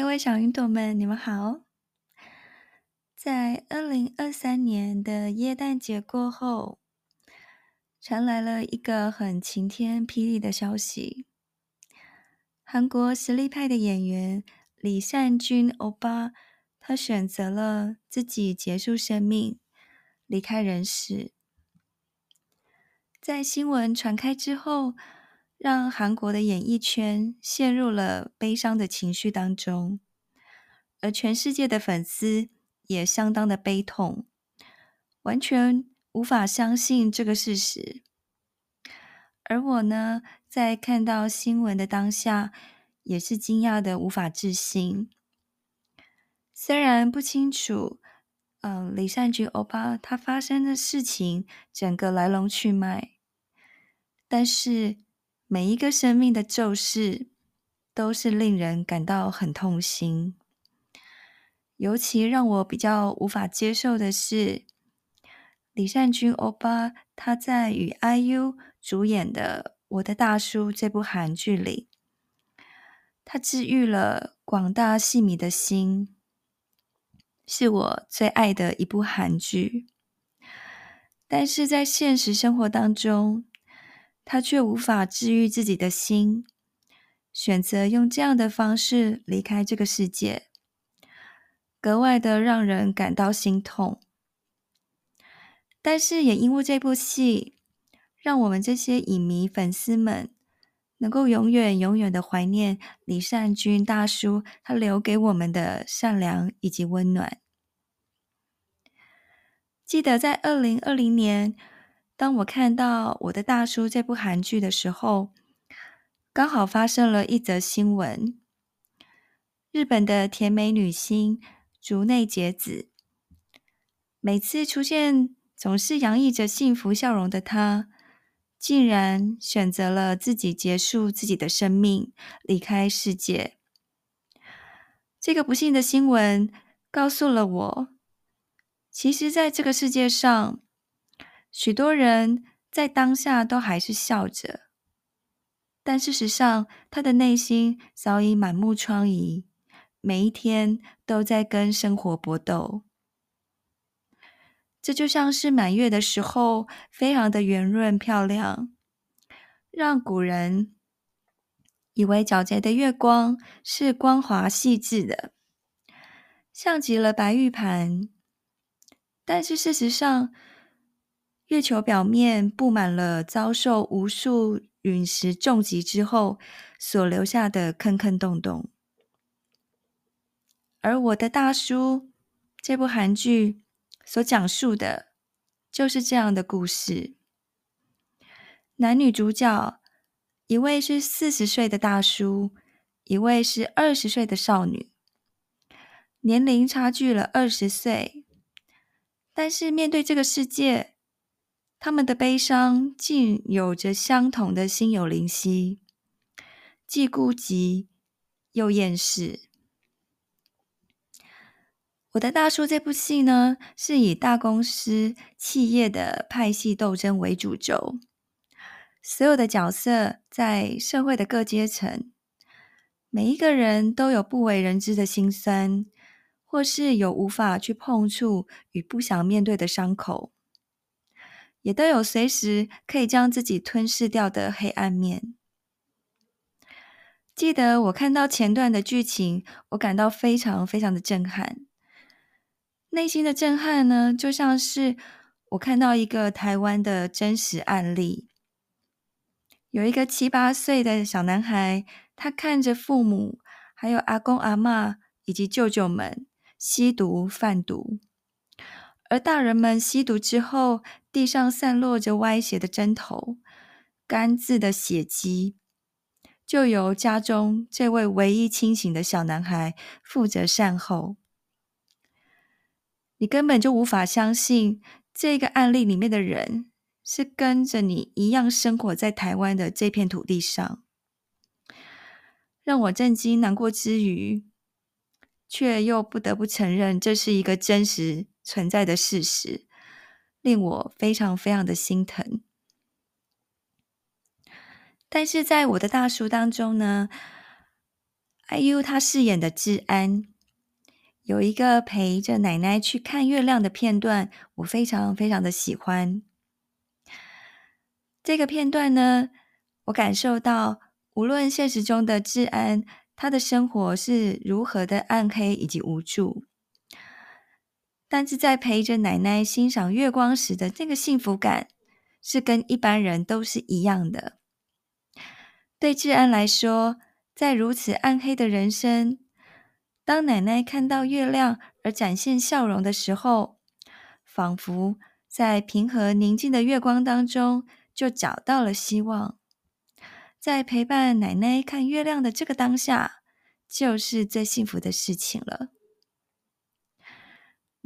各位小雲朵們，你們好！在二零二三年的耶誕節過後，傳來了一個很晴天霹靂的消息：韓國實力派的演員李善均歐巴，他選擇了自己結束生命，離開人世。在新聞傳開之後，讓韓國的演藝圈陷入了悲傷的情緒當中，而全世界的粉絲也相當的悲痛，完全無法相信這個事實。而我呢，在看到新聞的當下，也是驚訝的無法置信。雖然不清楚，嗯、呃，李善均歐巴他發生的事情整個來龍去脈，但是。每一個生命的驟逝都是令人感到很痛心，尤其讓我比較無法接受的是，李善均歐巴他在與 IU 主演的《我的大叔》這部韓劇裡，他治癒了廣大戲迷的心，是我最愛的一部韓劇。但是在現實生活當中，他卻無法治癒自己的心，選擇用這樣的方式離開這個世界，格外的讓人感到心痛。但是，也因為這部戲，讓我們這些影迷、粉絲們能夠永遠、永遠的懷念李善均大叔，他留給我們的善良以及溫暖。記得在二零二零年。當我看到《我的大叔》這部韓劇的時候，剛好發生了一則新聞：日本的甜美女星竹內結子，每次出現總是洋溢着幸福笑容的她，竟然選擇了自己結束自己的生命，離開世界。這個不幸的新聞告訴了我，其實，在這個世界上，許多人在當下都還是笑着，但事實上，他的內心早已滿目瘡痍，每一天都在跟生活搏鬥。這就像是滿月的時候，非常的圓潤漂亮，讓古人以為皎潔的月光是光滑細緻的，像極了白玉盤。但是事實上，月球表面佈滿了遭受無數隕石重擊之後所留下的坑坑洞洞。而我的大叔這部韓劇所講述的就是這樣的故事：男女主角，一位是四十歲的大叔，一位是二十歲的少女，年齡差距了二十歲，但是面對這個世界。他們的悲傷竟有着相同的心有靈犀，既孤寂又厭世。我的大叔這部戲呢，是以大公司企業的派系鬥爭為主軸，所有的角色在社會的各階層，每一個人都有不為人知的心酸，或是有無法去碰觸與不想面對的傷口。也都有隨時可以將自己吞噬掉的黑暗面。記得我看到前段的劇情，我感到非常非常的震撼。內心的震撼呢，就像是我看到一個台灣的真實案例：有一個七八歲的小男孩，他看着父母、還有阿公阿嬤以及舅舅們吸毒販毒，而大人們吸毒之後。地上散落着歪斜的針頭、乾漬的血跡，就由家中這位唯一清醒的小男孩負責善後。你根本就無法相信，這個案例裡面的人是跟着你一樣生活在台灣的這片土地上。讓我震驚、難過之餘，卻又不得不承認，這是一個真實存在的事實。令我非常非常的心疼，但是在我的大叔當中呢，IU 他飾演的治安，有一個陪着奶奶去看月亮的片段，我非常非常的喜歡。這個片段呢，我感受到無論現實中的治安，他的生活是如何的暗黑，以及無助。但是在陪着奶奶欣賞月光時的這個幸福感，是跟一般人都是一樣的。對至安來說，在如此暗黑的人生，當奶奶看到月亮而展現笑容的時候，仿佛在平和寧靜的月光當中就找到了希望。在陪伴奶奶看月亮的這個當下，就是最幸福的事情了。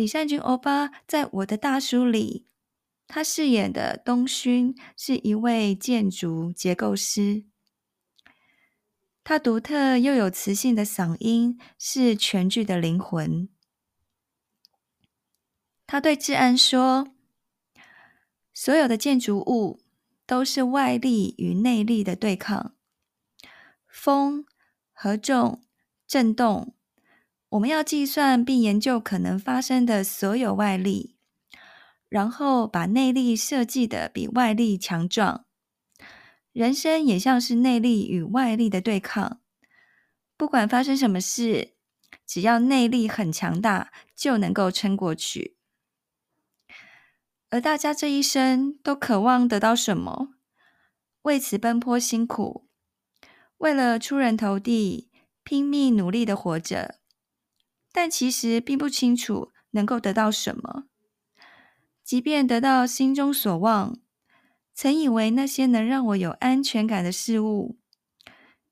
李善均歐巴在我的大叔裡，他飾演的東勳是一位建築結構師。他獨特又有磁性的嗓音是全劇的靈魂。他對志安說：“所有的建築物都是外力與內力的對抗，風、荷重、震動。”我們要計算並研究可能發生的所有外力，然後把內力設計得比外力強壯。人生也像是內力與外力的對抗，不管發生什麼事，只要內力很強大，就能夠撐過去。而大家這一生都渴望得到什麼？為此奔波辛苦，為了出人頭地，拼命努力的活着。但其實並不清楚能夠得到什麼。即便得到心中所望，曾以為那些能讓我有安全感的事物，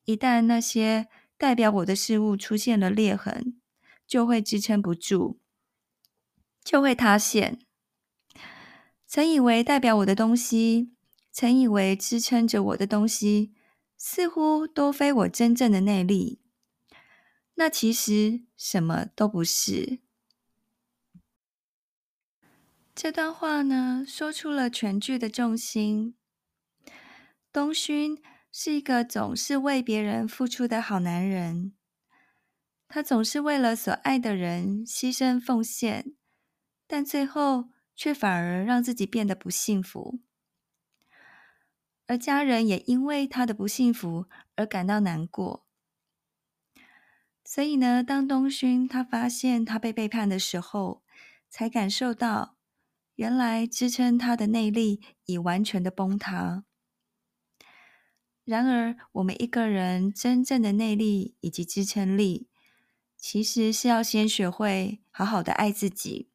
一旦那些代表我的事物出現了裂痕，就會支撐不住，就會塌陷。曾以為代表我的東西，曾以為支撐着我的東西，似乎都非我真正的內力。那其實什麼都不是。這段話呢，說出了全劇的重心。東勳是一個總是為別人付出的好男人，他總是為了所愛的人犧牲奉獻，但最後卻反而讓自己變得不幸福，而家人也因為他的不幸福而感到難過。所以呢，當東勳他發現他被背叛的時候，才感受到原來支撐他的內力已完全的崩塌。然而，我們一個人真正的內力以及支撐力，其實是要先學會好好的愛自己，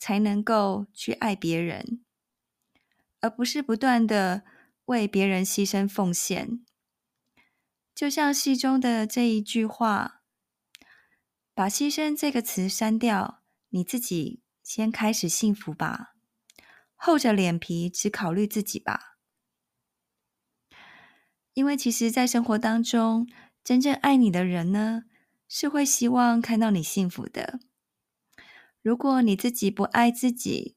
才能夠去愛別人，而不是不斷的為別人犧牲奉獻。就像戲中的這一句話。把“犧牲”這個詞刪掉，你自己先開始幸福吧，厚着臉皮只考慮自己吧。因為其實，在生活當中，真正愛你的人呢，是會希望看到你幸福的。如果你自己不愛自己，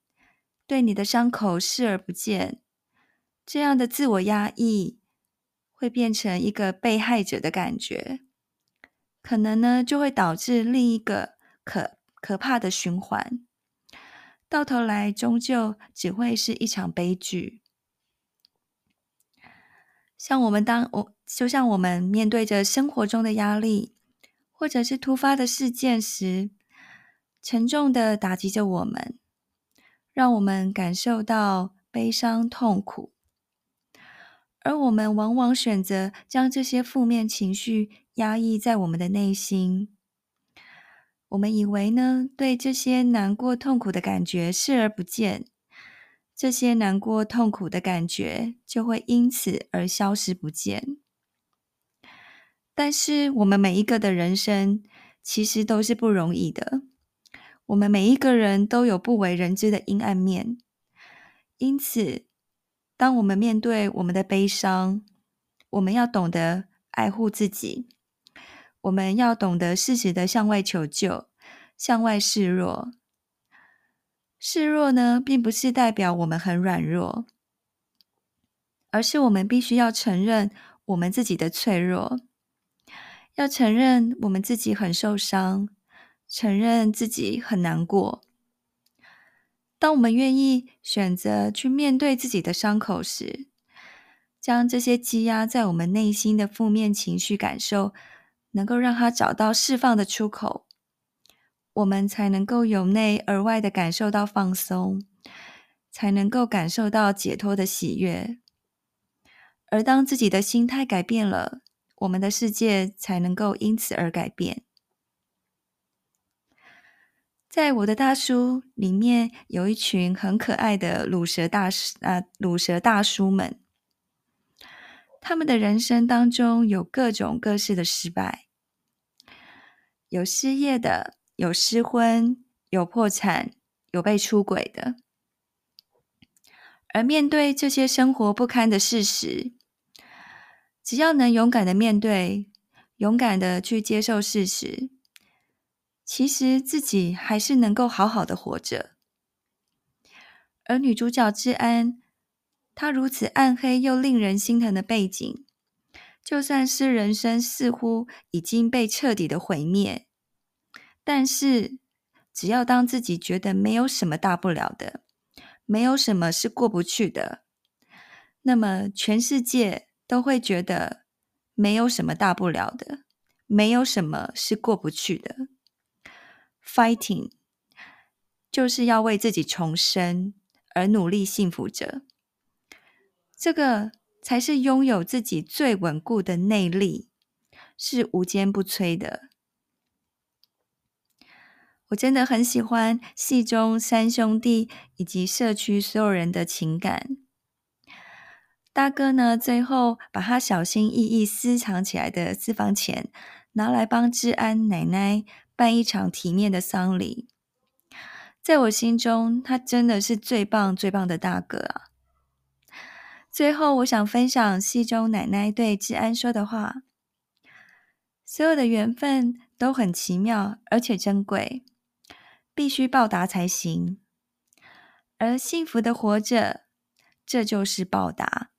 對你的傷口視而不見，這樣的自我壓抑會變成一個被害者的感覺。可能呢，就會導致另一個可可怕的循環，到頭來終究只會是一場悲劇。像我們當我，就像我們面對着生活中的壓力，或者是突發的事件時，沉重的打擊着我們，讓我們感受到悲傷、痛苦。而我們往往選擇將這些負面情緒壓抑在我們的內心，我們以為呢，對這些難過、痛苦的感覺視而不見，這些難過、痛苦的感覺就會因此而消失不見。但是，我們每一個的人生其實都是不容易的，我們每一個人都有不為人知的陰暗面，因此。當我們面對我們的悲傷，我們要懂得愛護自己，我們要懂得適時的向外求救，向外示弱。示弱呢，並不是代表我們很軟弱，而是我們必須要承認我們自己的脆弱，要承認我們自己很受傷，承認自己很難過。當我們願意選擇去面對自己的傷口時，將這些積壓在我們內心的負面情緒感受，能夠讓它找到釋放的出口，我們才能夠由內而外的感受到放鬆，才能夠感受到解脫的喜悅。而當自己的心態改變了，我們的世界才能夠因此而改變。在我的大叔裡面，有一群很可愛的魯蛇大叔啊，魯蛇大叔們。他們的人生當中有各種各式的失敗，有失業的，有失婚，有破產，有被出軌的。而面對這些生活不堪的事實，只要能勇敢的面對，勇敢的去接受事實。其實自己還是能夠好好的活着。而女主角志安，她如此暗黑又令人心疼的背景，就算是人生似乎已經被徹底的毀滅，但是只要當自己覺得沒有什麼大不了的，沒有什麼是過不去的，那麼全世界都會覺得沒有什麼大不了的，沒有什麼是過不去的。fighting，就是要為自己重生而努力，幸福着。這個才是擁有自己最穩固的內力，是無堅不摧的。我真的很喜歡戲中三兄弟以及社區所有人的情感。大哥呢，最後把他小心翼翼私藏起來的私房錢，拿來幫治安奶奶。辦一場體面的喪禮，在我心中，他真的是最棒、最棒的大哥啊！最後，我想分享戲中奶奶對志安說的話：“所有的緣分都很奇妙，而且珍貴，必須報答才行。而幸福的活着，這就是報答。”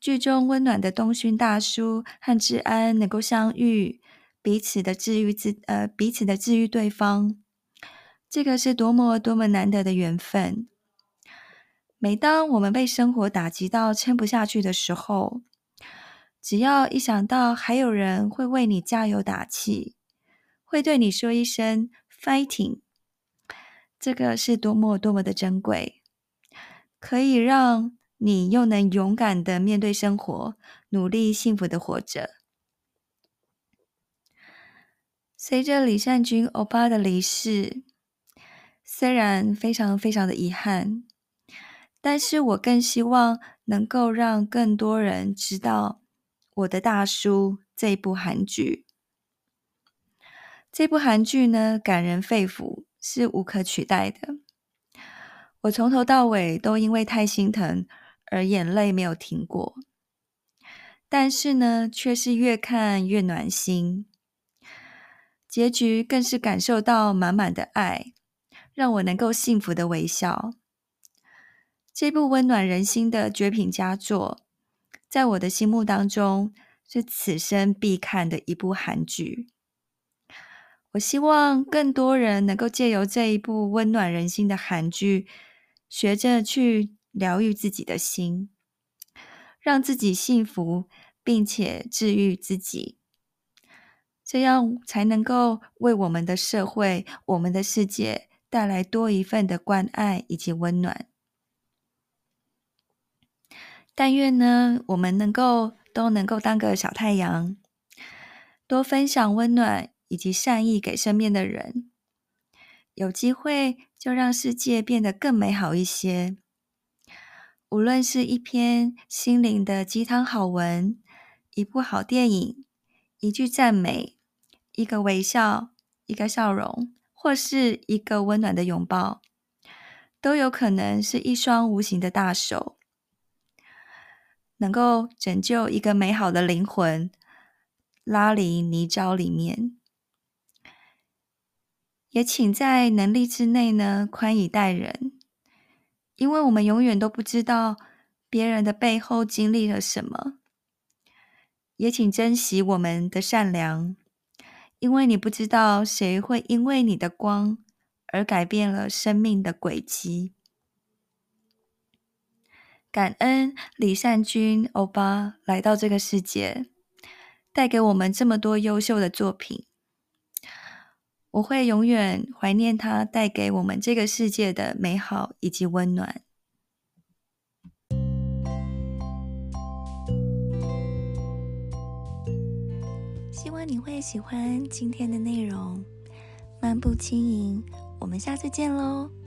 劇中溫暖的東勳大叔和志安能夠相遇。彼此的治癒，自呃彼此的治癒對方，這個是多麼多麼難得的緣分。每當我們被生活打擊到撐不下去的時候，只要一想到還有人會為你加油打氣，會對你說一聲 “fighting”，這個是多麼多麼的珍貴，可以讓你又能勇敢的面對生活，努力幸福的活着。隨着李善均歐巴的離世，雖然非常非常的遺憾，但是我更希望能夠讓更多人知道我的大叔這部韓劇。這部韓劇呢，感人肺腑，是無可取代的。我從頭到尾都因為太心疼而眼淚沒有停過，但是呢，卻是越看越暖心。結局更是感受到滿滿的愛，讓我能夠幸福的微笑。這部溫暖人心的絕品佳作，在我的心目當中，是此生必看的一部韓劇。我希望更多人能夠借由這一部溫暖人心的韓劇，學着去療癒自己的心，讓自己幸福，並且治癒自己。這樣才能夠為我們的社會、我們的世界帶來多一份的關愛以及溫暖。但願呢，我們能夠都能夠當個小太陽，多分享溫暖以及善意給身邊的人。有機會就讓世界變得更美好一些。無論是一篇心靈的雞湯好文，一部好電影，一句讚美。一個微笑，一個笑容，或是一個溫暖的擁抱，都有可能是一雙無形的大手，能夠拯救一個美好的靈魂，拉離泥沼裡面。也請在能力之內呢，寬以待人，因為我們永遠都不知道別人的背後經歷了什麼。也請珍惜我們的善良。因為你不知道誰會因為你的光而改變了生命的軌跡。感恩李善均歐巴來到這個世界，帶給我們這麼多優秀的作品。我會永遠懷念他帶給我們這個世界的美好以及溫暖。你會喜歡今天的內容，漫步輕盈。我們下次見嘍！